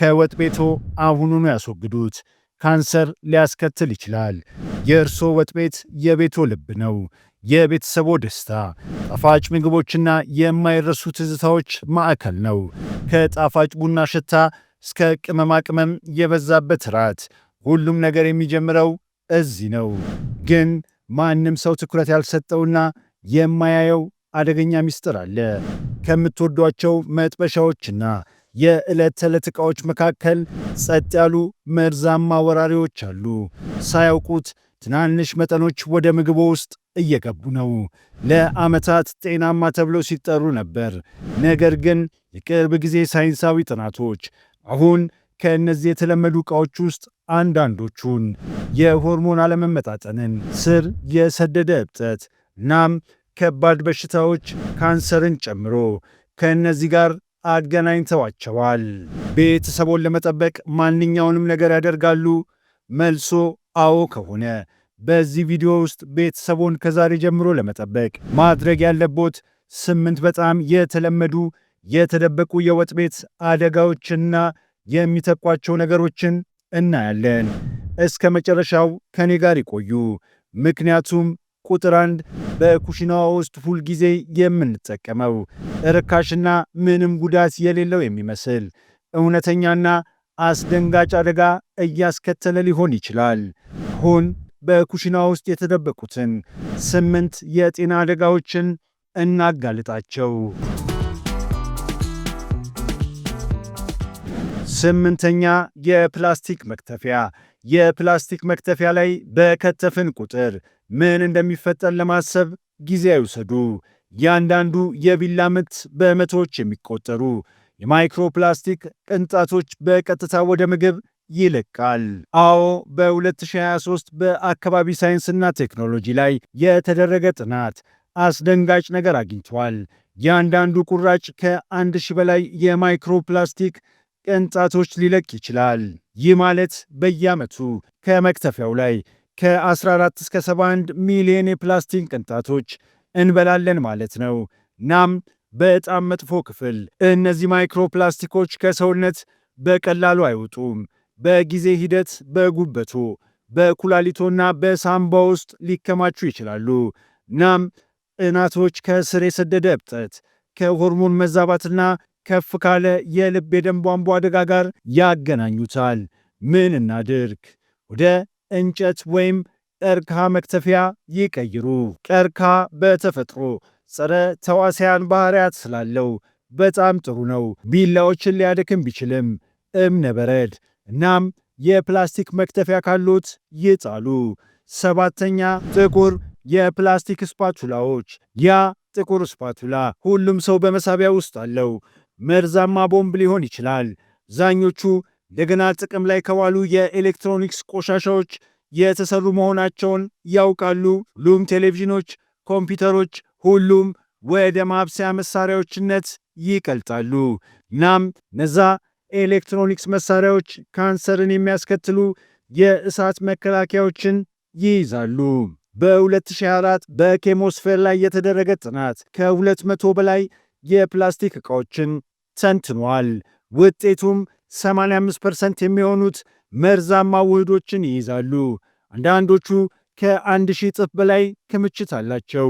ከወጥ ቤቶ አሁኑኑ ያስወግዱት። ካንሰር ሊያስከትል ይችላል። የእርሶ ወጥ ቤት የቤቶ ልብ ነው። የቤተሰቦ ደስታ፣ ጣፋጭ ምግቦችና የማይረሱ ትዝታዎች ማዕከል ነው። ከጣፋጭ ቡና ሽታ እስከ ቅመማ ቅመም የበዛበት ራት፣ ሁሉም ነገር የሚጀምረው እዚህ ነው። ግን ማንም ሰው ትኩረት ያልሰጠውና የማያየው አደገኛ ሚስጥር አለ። ከምትወዷቸው መጥበሻዎችና የዕለት ተዕለት ዕቃዎች መካከል ጸጥ ያሉ መርዛማ ወራሪዎች አሉ። ሳያውቁት ትናንሽ መጠኖች ወደ ምግቦ ውስጥ እየገቡ ነው። ለዓመታት ጤናማ ተብለው ሲጠሩ ነበር። ነገር ግን የቅርብ ጊዜ ሳይንሳዊ ጥናቶች አሁን ከእነዚህ የተለመዱ ዕቃዎች ውስጥ አንዳንዶቹን የሆርሞን አለመመጣጠንን፣ ስር የሰደደ እብጠት እናም ከባድ በሽታዎች ካንሰርን ጨምሮ ከእነዚህ ጋር አገናኝተዋቸዋል። ቤተሰቦን ለመጠበቅ ማንኛውንም ነገር ያደርጋሉ? መልሶ አዎ ከሆነ በዚህ ቪዲዮ ውስጥ ቤተሰቦን ከዛሬ ጀምሮ ለመጠበቅ ማድረግ ያለቦት ስምንት በጣም የተለመዱ የተደበቁ የወጥ ቤት አደጋዎችና የሚተቋቸው ነገሮችን እናያለን። እስከ መጨረሻው ከኔ ጋር ይቆዩ፣ ምክንያቱም ቁጥር አንድ በኩሽናዋ ውስጥ ሁልጊዜ የምንጠቀመው ርካሽና ምንም ጉዳት የሌለው የሚመስል እውነተኛና አስደንጋጭ አደጋ እያስከተለ ሊሆን ይችላል። አሁን በኩሽና ውስጥ የተደበቁትን ስምንት የጤና አደጋዎችን እናጋልጣቸው። ስምንተኛ የፕላስቲክ መክተፊያ። የፕላስቲክ መክተፊያ ላይ በከተፍን ቁጥር ምን እንደሚፈጠር ለማሰብ ጊዜ አይውሰዱ። እያንዳንዱ የቢላ ምት በመቶዎች የሚቆጠሩ የማይክሮፕላስቲክ ቅንጣቶች በቀጥታ ወደ ምግብ ይለቃል። አዎ፣ በ2023 በአካባቢ ሳይንስና ቴክኖሎጂ ላይ የተደረገ ጥናት አስደንጋጭ ነገር አግኝቷል። እያንዳንዱ ቁራጭ ከአንድ ሺህ በላይ የማይክሮፕላስቲክ ቅንጣቶች ሊለቅ ይችላል። ይህ ማለት በየዓመቱ ከመክተፊያው ላይ ከ14 እስከ 71 ሚሊዮን የፕላስቲክ ቅንጣቶች እንበላለን ማለት ነው። ናም በጣም መጥፎ ክፍል እነዚህ ማይክሮፕላስቲኮች ከሰውነት በቀላሉ አይወጡም። በጊዜ ሂደት በጉበቱ በኩላሊቶና በሳምባ ውስጥ ሊከማቹ ይችላሉ። ናም ጥናቶች ከስር የሰደደ እብጠት ከሆርሞን መዛባትና ከፍ ካለ የልብ የደም ቧንቧ አደጋ ጋር ያገናኙታል። ምን እናድርግ? ወደ እንጨት ወይም ቀርከሃ መክተፊያ ይቀይሩ። ቀርከሃ በተፈጥሮ ጸረ ተዋሲያን ባህሪያት ስላለው በጣም ጥሩ ነው። ቢላዎችን ሊያደክም ቢችልም እብነበረድ እናም የፕላስቲክ መክተፊያ ካሉት ይጣሉ። ሰባተኛ ጥቁር የፕላስቲክ ስፓቱላዎች። ያ ጥቁር ስፓቱላ ሁሉም ሰው በመሳቢያ ውስጥ አለው። መርዛማ ቦምብ ሊሆን ይችላል። ዛኞቹ። እንደገና ጥቅም ላይ ከዋሉ የኤሌክትሮኒክስ ቆሻሻዎች የተሰሩ መሆናቸውን ያውቃሉ። ሁሉም ቴሌቪዥኖች፣ ኮምፒውተሮች፣ ሁሉም ወደ ማብሰያ መሳሪያዎችነት ይቀልጣሉ። እናም እነዛ ኤሌክትሮኒክስ መሳሪያዎች ካንሰርን የሚያስከትሉ የእሳት መከላከያዎችን ይይዛሉ። በ2024 በኬሞስፌር ላይ የተደረገ ጥናት ከ200 በላይ የፕላስቲክ ዕቃዎችን ተንትኗል። ውጤቱም 85 ፐርሰንት የሚሆኑት መርዛማ ውህዶችን ይይዛሉ። አንዳንዶቹ ከአንድ ሺህ እጥፍ በላይ ክምችት አላቸው።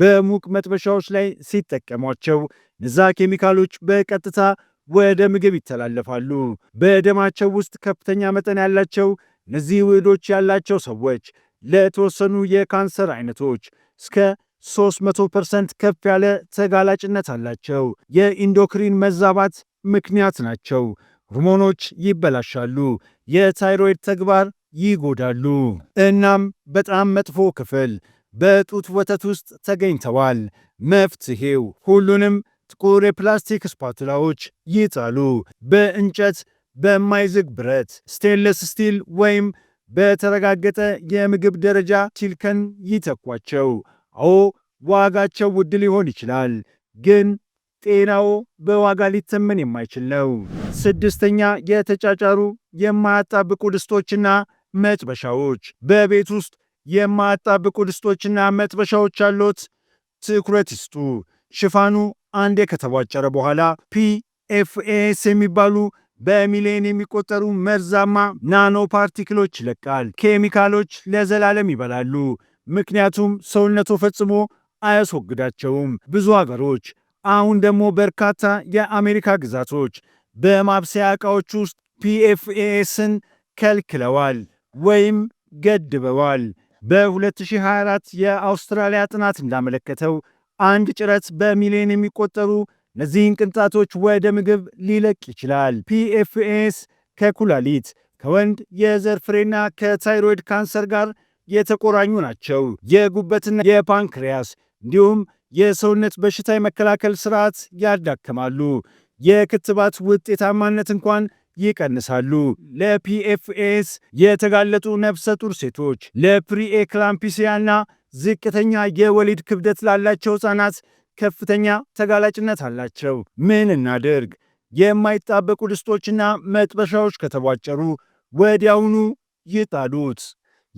በሙቅ መጥበሻዎች ላይ ሲጠቀሟቸው እነዛ ኬሚካሎች በቀጥታ ወደ ምግብ ይተላለፋሉ። በደማቸው ውስጥ ከፍተኛ መጠን ያላቸው እነዚህ ውህዶች ያላቸው ሰዎች ለተወሰኑ የካንሰር አይነቶች እስከ 300 ፐርሰንት ከፍ ያለ ተጋላጭነት አላቸው። የኢንዶክሪን መዛባት ምክንያት ናቸው። ሆርሞኖች ይበላሻሉ፣ የታይሮይድ ተግባር ይጎዳሉ። እናም በጣም መጥፎ ክፍል በጡት ወተት ውስጥ ተገኝተዋል። መፍትሄው ሁሉንም ጥቁር የፕላስቲክ ስፓቱላዎች ይጣሉ። በእንጨት በማይዝግ ብረት፣ ስቴንለስ ስቲል ወይም በተረጋገጠ የምግብ ደረጃ ቲልከን ይተኳቸው። አዎ ዋጋቸው ውድ ሊሆን ይችላል ግን ጤናው በዋጋ ሊተመን የማይችል ነው። ስድስተኛ የተጫጫሩ የማያጣብቁ ድስቶችና መጥበሻዎች። በቤት ውስጥ የማያጣብቁ ድስቶችና መጥበሻዎች ያሉት ትኩረት ይስጡ። ሽፋኑ አንዴ ከተቧጨረ በኋላ ፒኤፍኤስ የሚባሉ በሚሊዮን የሚቆጠሩ መርዛማ ናኖ ፓርቲክሎች ይለቃል። ኬሚካሎች ለዘላለም ይበላሉ፣ ምክንያቱም ሰውነቱ ፈጽሞ አያስወግዳቸውም። ብዙ አገሮች አሁን ደግሞ በርካታ የአሜሪካ ግዛቶች በማብሰያ ዕቃዎች ውስጥ ፒኤፍኤስን ከልክለዋል ወይም ገድበዋል። በ2024 የአውስትራሊያ ጥናት እንዳመለከተው አንድ ጭረት በሚሊዮን የሚቆጠሩ እነዚህን ቅንጣቶች ወደ ምግብ ሊለቅ ይችላል። ፒኤፍኤስ ከኩላሊት፣ ከወንድ የዘር ፍሬና ከታይሮይድ ካንሰር ጋር የተቆራኙ ናቸው። የጉበትና የፓንክሪያስ እንዲሁም የሰውነት በሽታ የመከላከል ስርዓት ያዳክማሉ፣ የክትባት ውጤታማነት እንኳን ይቀንሳሉ። ለፒኤፍኤስ የተጋለጡ ነፍሰ ጡር ሴቶች፣ ለፕሪኤክላምፒሲያና ዝቅተኛ የወሊድ ክብደት ላላቸው ሕፃናት ከፍተኛ ተጋላጭነት አላቸው። ምን እናድርግ? የማይጣበቁ ድስቶችና መጥበሻዎች ከተቧጨሩ ወዲያውኑ ይጣዱት።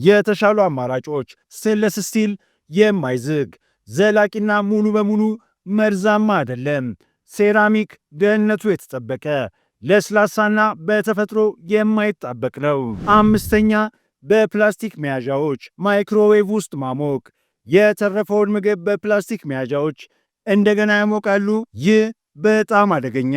የተሻሉ አማራጮች ስቴንለስ ስቲል የማይዝግ ዘላቂና ሙሉ በሙሉ መርዛማ አይደለም። ሴራሚክ ደህንነቱ የተጠበቀ ለስላሳና በተፈጥሮ የማይጣበቅ ነው። አምስተኛ በፕላስቲክ መያዣዎች ማይክሮዌቭ ውስጥ ማሞቅ። የተረፈውን ምግብ በፕላስቲክ መያዣዎች እንደገና ያሞቃሉ። ይህ በጣም አደገኛ፣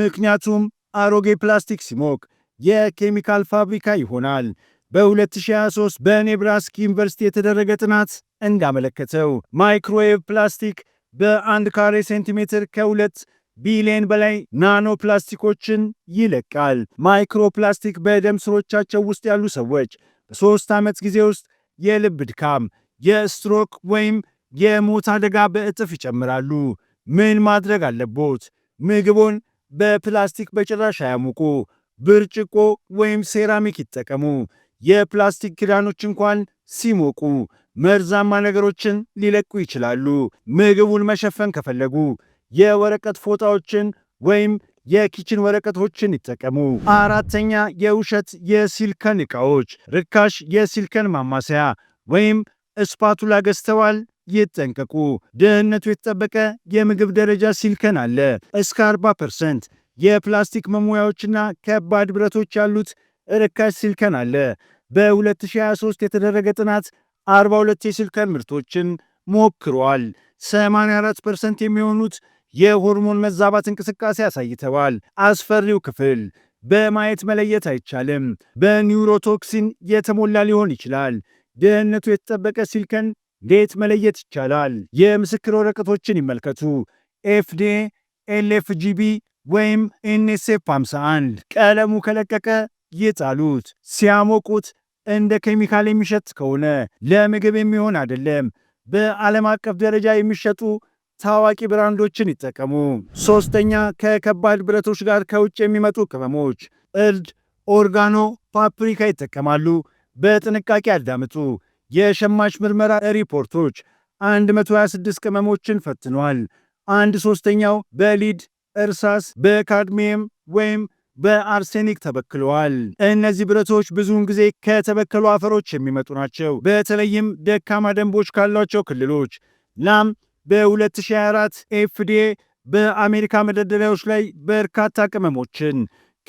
ምክንያቱም አሮጌ ፕላስቲክ ሲሞቅ የኬሚካል ፋብሪካ ይሆናል። በ2023 በኔብራስክ ዩኒቨርሲቲ የተደረገ ጥናት እንዳመለከተው ማይክሮዌቭ ፕላስቲክ በአንድ ካሬ ሴንቲሜትር ከሁለት ቢሊዮን በላይ ናኖ ፕላስቲኮችን ይለቃል። ማይክሮፕላስቲክ በደም ስሮቻቸው ውስጥ ያሉ ሰዎች በሶስት ዓመት ጊዜ ውስጥ የልብ ድካም፣ የስትሮክ ወይም የሞት አደጋ በእጥፍ ይጨምራሉ። ምን ማድረግ አለቦት? ምግቦን በፕላስቲክ በጭራሽ አያሙቁ። ብርጭቆ ወይም ሴራሚክ ይጠቀሙ፣ የፕላስቲክ ክዳኖች እንኳን ሲሞቁ። መርዛማ ነገሮችን ሊለቁ ይችላሉ። ምግቡን መሸፈን ከፈለጉ የወረቀት ፎጣዎችን ወይም የኪችን ወረቀቶችን ይጠቀሙ። አራተኛ የውሸት የሲልከን ዕቃዎች፣ ርካሽ የሲልከን ማማሰያ ወይም እስፓቱላ ገዝተዋል ይጠንቀቁ። ደህንነቱ የተጠበቀ የምግብ ደረጃ ሲልከን አለ። እስከ 40 ፐርሰንት የፕላስቲክ መሙያዎችና ከባድ ብረቶች ያሉት ርካሽ ሲልከን አለ። በ2023 የተደረገ ጥናት 42 የስልከን ምርቶችን ሞክሯል። 84 ፐርሰንት የሚሆኑት የሆርሞን መዛባት እንቅስቃሴ አሳይተዋል። አስፈሪው ክፍል በማየት መለየት አይቻልም። በኒውሮቶክሲን የተሞላ ሊሆን ይችላል። ደህንነቱ የተጠበቀ ሲልከን እንዴት መለየት ይቻላል? የምስክር ወረቀቶችን ይመልከቱ። ኤፍዴ፣ ኤልኤፍጂቢ ወይም ኤንኤስኤፍ 51 ቀለሙ ከለቀቀ ይጣሉት። ሲያሞቁት እንደ ኬሚካል የሚሸጥ ከሆነ ለምግብ የሚሆን አይደለም። በዓለም አቀፍ ደረጃ የሚሸጡ ታዋቂ ብራንዶችን ይጠቀሙ። ሶስተኛ፣ ከከባድ ብረቶች ጋር ከውጭ የሚመጡ ቅመሞች እርድ፣ ኦርጋኖ፣ ፓፕሪካ ይጠቀማሉ። በጥንቃቄ አዳምጡ። የሸማች ምርመራ ሪፖርቶች 126 ቅመሞችን ፈትኗል። አንድ ሶስተኛው በሊድ እርሳስ፣ በካድሚየም ወይም በአርሴኒክ ተበክለዋል። እነዚህ ብረቶች ብዙውን ጊዜ ከተበከሉ አፈሮች የሚመጡ ናቸው። በተለይም ደካማ ደንቦች ካሏቸው ክልሎች ላም በ2024 ኤፍዲኤ በአሜሪካ መደርደሪያዎች ላይ በርካታ ቅመሞችን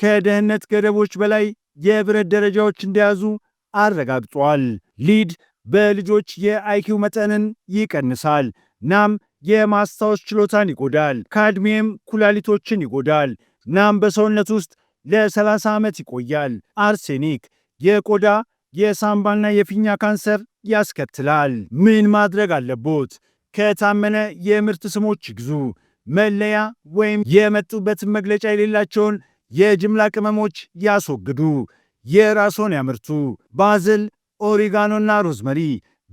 ከደህንነት ገደቦች በላይ የብረት ደረጃዎች እንደያዙ አረጋግጧል። ሊድ በልጆች የአይኪው መጠንን ይቀንሳል፣ ናም የማስታወስ ችሎታን ይጎዳል። ካድሚየም ኩላሊቶችን ይጎዳል፣ ናም በሰውነት ውስጥ ለ30 ዓመት ይቆያል። አርሴኒክ የቆዳ የሳምባና የፊኛ ካንሰር ያስከትላል። ምን ማድረግ አለቦት? ከታመነ የምርት ስሞች ይግዙ። መለያ ወይም የመጡበትን መግለጫ የሌላቸውን የጅምላ ቅመሞች ያስወግዱ። የራስዎን ያምርቱ። ባዝል፣ ኦሪጋኖና ሮዝመሪ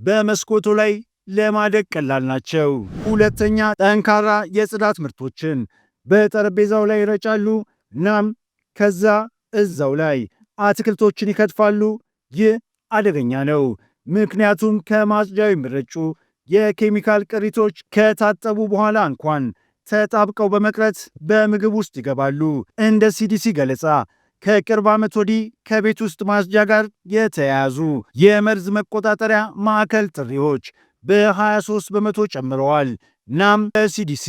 በመስኮቶ ላይ ለማደግ ቀላል ናቸው። ሁለተኛ፣ ጠንካራ የጽዳት ምርቶችን በጠረጴዛው ላይ ይረጫሉ እናም ከዛ እዛው ላይ አትክልቶችን ይከትፋሉ። ይህ አደገኛ ነው፣ ምክንያቱም ከማጽጃው የሚረጩ የኬሚካል ቅሪቶች ከታጠቡ በኋላ እንኳን ተጣብቀው በመቅረት በምግብ ውስጥ ይገባሉ። እንደ ሲዲሲ ገለጻ ከቅርብ ዓመት ወዲህ ከቤት ውስጥ ማጽጃ ጋር የተያያዙ የመርዝ መቆጣጠሪያ ማዕከል ጥሪዎች በ23 በመቶ ጨምረዋል። ናም በሲዲሲ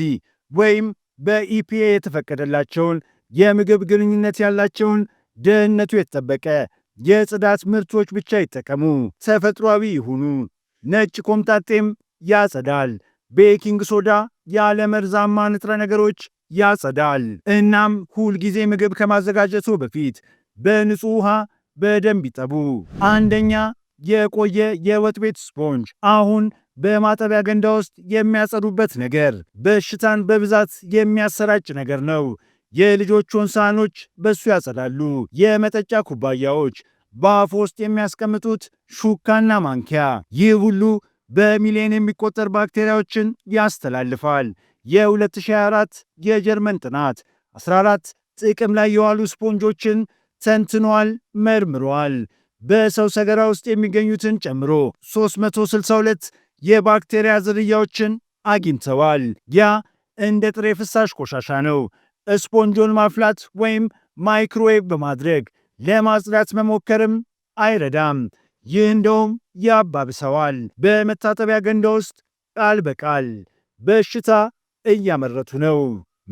ወይም በኢፒኤ የተፈቀደላቸውን የምግብ ግንኙነት ያላቸውን ደህንነቱ የተጠበቀ የጽዳት ምርቶች ብቻ ይጠቀሙ። ተፈጥሯዊ ይሁኑ። ነጭ ኮምጣጤም ያጸዳል። ቤኪንግ ሶዳ ያለ መርዛማ ንጥረ ነገሮች ያጸዳል። እናም ሁልጊዜ ምግብ ከማዘጋጀቱ በፊት በንጹህ ውሃ በደንብ ይጠቡ። አንደኛ የቆየ የወጥ ቤት ስፖንጅ። አሁን በማጠቢያ ገንዳ ውስጥ የሚያጸዱበት ነገር በሽታን በብዛት የሚያሰራጭ ነገር ነው። የልጆቹን ሳህኖች በሱ ያጸዳሉ። የመጠጫ ኩባያዎች በአፉ ውስጥ የሚያስቀምጡት ሹካና ማንኪያ፣ ይህ ሁሉ በሚሊዮን የሚቆጠር ባክቴሪያዎችን ያስተላልፋል። የ2024 የጀርመን ጥናት 14 ጥቅም ላይ የዋሉ ስፖንጆችን ተንትኗል፣ መርምሯል። በሰው ሰገራ ውስጥ የሚገኙትን ጨምሮ 362 የባክቴሪያ ዝርያዎችን አግኝተዋል። ያ እንደ ጥሬ ፍሳሽ ቆሻሻ ነው። ስፖንጆን ማፍላት ወይም ማይክሮዌቭ በማድረግ ለማጽዳት መሞከርም አይረዳም። ይህ እንደውም ያባብሰዋል። በመታጠቢያ ገንዳ ውስጥ ቃል በቃል በሽታ እያመረቱ ነው።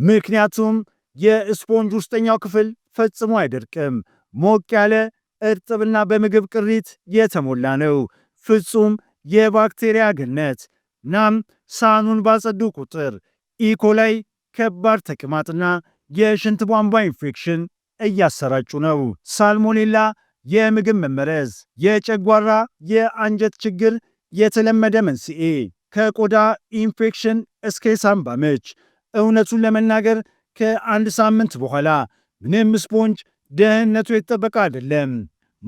ምክንያቱም የስፖንጅ ውስጠኛው ክፍል ፈጽሞ አይደርቅም። ሞቅ ያለ እርጥብና በምግብ ቅሪት የተሞላ ነው። ፍጹም የባክቴሪያ ገነት። ናም ሳህኑን ባጸዱ ቁጥር ኢኮላይ ከባድ ተቅማጥና የሽንት ቧንቧ ኢንፌክሽን እያሰራጩ ነው። ሳልሞኔላ የምግብ መመረዝ፣ የጨጓራ የአንጀት ችግር የተለመደ መንስኤ፣ ከቆዳ ኢንፌክሽን እስከ የሳምባ ምች። እውነቱን ለመናገር ከአንድ ሳምንት በኋላ ምንም ስፖንጅ ደህንነቱ የተጠበቀ አይደለም።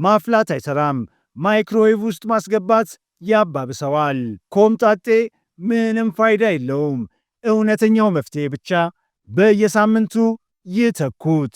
ማፍላት አይሰራም። ማይክሮዌቭ ውስጥ ማስገባት ያባብሰዋል። ኮምጣጤ ምንም ፋይዳ የለውም። እውነተኛው መፍትሄ ብቻ በየሳምንቱ ይተኩት።